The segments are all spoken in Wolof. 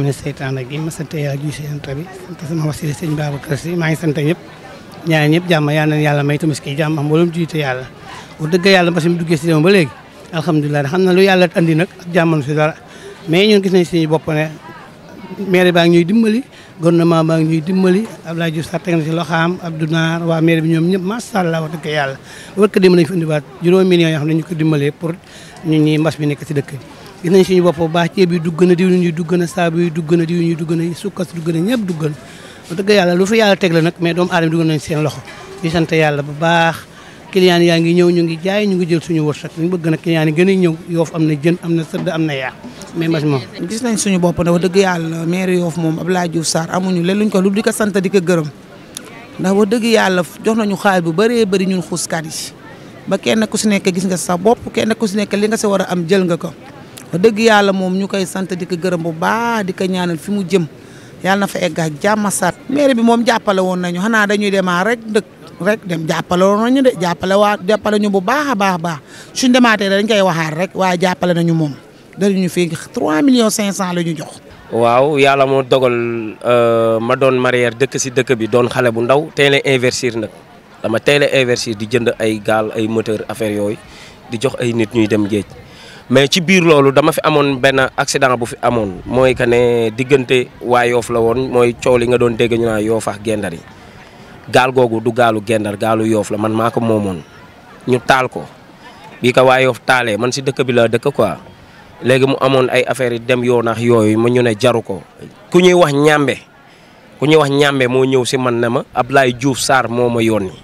mu ne seytaan a ma sant yàlla ju si yonent bi sant sama wasila sëñ Babacar Si maa ngi sant ñëpp ñaan ñëpp jàmm yàlla may Tabaski jàmm si dem ba léegi alhamdulilah xam na lu yàlla andi nag ak jàmmam si di mais ñun gis nañ suñu bopp ne maire baa ngi ñuy dimbali gouvernement baa ngi ñuy si loxaam Abdou waa maire bi ñoom ñëpp macha allah wax dëgg yàlla wër ko dimbali ñu fi indiwaat juróomi millions yoo xam ñu ko dimbalee pour ñun ñi mbas bi nekk si dëkk bi gis nañ suñu bopp bu baax ceeb yi dugg na diw ñuy dugg na saabu yi dugg na diw ñuy dugg na sukkas dugg na ñëpp dugg na wax dëgg yàlla lu fi yàlla teg la nag mais doomu aadama dugg nañ seen loxo ñu sant yàlla bu baax client yaa ngi ñëw ñu ngi jaay ñu ngi jël suñu wërsëg ñu bëgg na client yi gën a ñëw yoof am na jën am na sëdd am na yaa mais mas moom gis nañ suñu bopp nag wax dëgg yàlla maire yoof moom Abdoulaye Diouf Sarr amuñu leen luñ ko lu di ko sant di ko gërëm ndax wax dëgg yàlla jox nañu xaalis bu bëree bëri ñun xuuskat yi ba kenn ku si nekk gis nga sa bopp kenn ku si nekk li nga si war a am jël nga ko wax dëgg yàlla moom ñu koy sant dikk gërëm bu baax di ko ñaanal fi mu jëm yàlla na fa egg ak jàmm saat maire bi moom jàppale woon nañu xanaa dañuy demaa rek dëkk rek dem jàppale woon nañu de jàppale waa jàppale ñu bu baax a baax a baax suñ demaatee dañ koy waxaat rek waaye jàppale nañu moom ñu fii 3 millions 500 la ñu jox. waaw yàlla moo dogal euh, ma doon marière dëkk si dëkk bi doon xale bu ndaw teel a investir nag dama teel a investir di jënd ay gaal ay moteur affaire yooyu di jox ay nit ñuy dem géej. mais ci biir loolu dama fi amoon benn accident bu fi amoon mooy que ne diggante waa yoof la woon mooy coow li nga doon dégg ñu naa yoof ak gendar yi gaal googu du gaalu gendar gaalu yoof la man maa ko moomoon ñu taal ko bii ko waa yoof taalee man si dëkk bi laa dëkk ko léegi mu amoon ay affaires yi dem yoon ak yooyu ma ñu ne jaru ko ku ñuy wax ñàmbe ku ñuy wax ñàmbe moo ñëw si man ne ma Ablaye Diouf saar moo ma yónni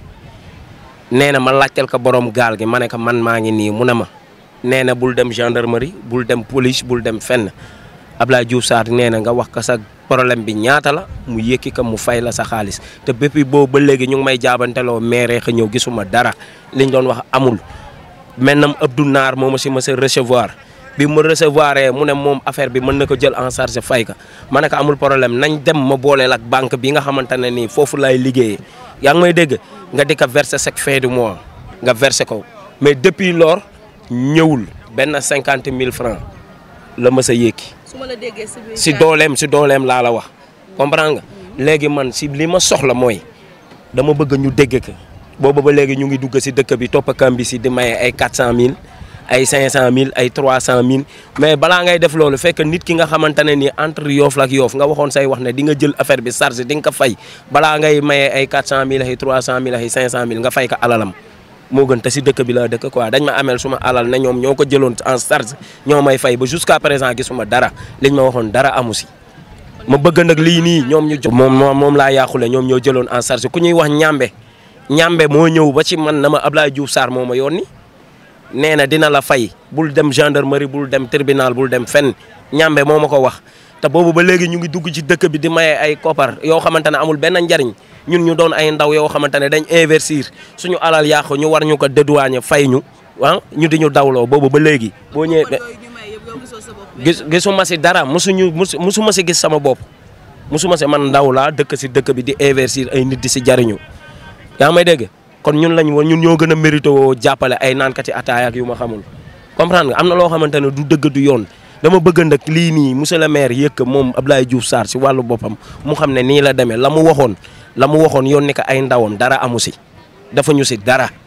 nee na ma laajteel ko borom gaal gi ma ne man maa ngi nii mu ne ma nee na bul dem gendarmerie bul dem police bul dem fenn Ablaye Diouf Sarr nee na nga wax ka sa problème bi ñaata la mu yëkki ka mu fay la sa xaalis te béppi boobu ba léegi ñu ngi may jaabanteloo maire xa ñëw gisuma dara liñ doon wax amul. maintenant Abdou Naar moom ma si ma sa recevoir bi mu recevoir mu ne moom affaire bi mën na ko jël en charge fay ka ma ne ko amul problème nañ dem ma booleel ak banque bi nga xamante ne nii foofu laay liggéeyee yaa ngi may dégg nga di ko verser chaque fin du mois nga verser ko mais depuis ñëwul benn cinquante mille francs la ma sa déggee si dooleem si dooleem laa la wax. comprendre nga mm-hmm. léegi man si li ma soxla mooy dama bëgg ñu dégg ko boobu ba léegi ñu ngi dugg si dëkk bi topp kam bi si di maye ay quatre cent mille ay cinq cent mille ay trois cent mille mais balaa ngay def loolu fekk nit ki nga xamante ne nii entre yoof lak yoof nga waxoon say wax ne di nga jël affaire bi chargé di nga ko fay balaa ngay maye ay quatre cent mille ay trois cent mille fay ko moo gën te si dëkk bi laa dëkk quoi dañ ma ameel suma alal ne ñoom ñoo ko jëloon en sarge ñoo may fay ba jusqu'à présent gisuma dara liñ ma waxoon dara amu si ma bëgg nag lii nii ñoom ñu moom moom laa yàqule ñoom ñoo jëloon en charge ku ñuy wax ñambe ñambe moo ñëw ba ci man na ma ablaa Diouf Sarr moo ma yónni nee na dina la fay bul dem gendarmerie bul dem tribunal bul dem fenn ñambe moo ma ko wax te boobu ba léegi ñu ngi dugg ci dëkk bi di maye ay koppar yoo xamante ne amul benn njariñ ñun ñu doon ay ndaw yoo xamante ne dañ investir suñu alal yàqu ñu war ñu ko dédouaner fay ñu ah ñu di ñu dawloo boobu ba léegi. boo ñëwee gis gisuma si dara mosuñu mosu mosuma si gis sama bopp mosuma si man ndaw laa dëkk si dëkk bi di investir ay nit di si jariñu yaa may dégg kon ñun lañ woon ñun ñoo gën a mérité woo jàppale ay naankati ataaya ak yu ma xamul comprendre am na loo xamante ne du dëgg du yoon. dama bëgg nag lii nii monsieur le maire yëkk moom ab Abdoulaye Diouf Sarr si wàllu boppam mu xam ne nii la demee la mu waxoon la mu waxoon yoon ni ko ay ndawam dara amu si dafa ñu si dara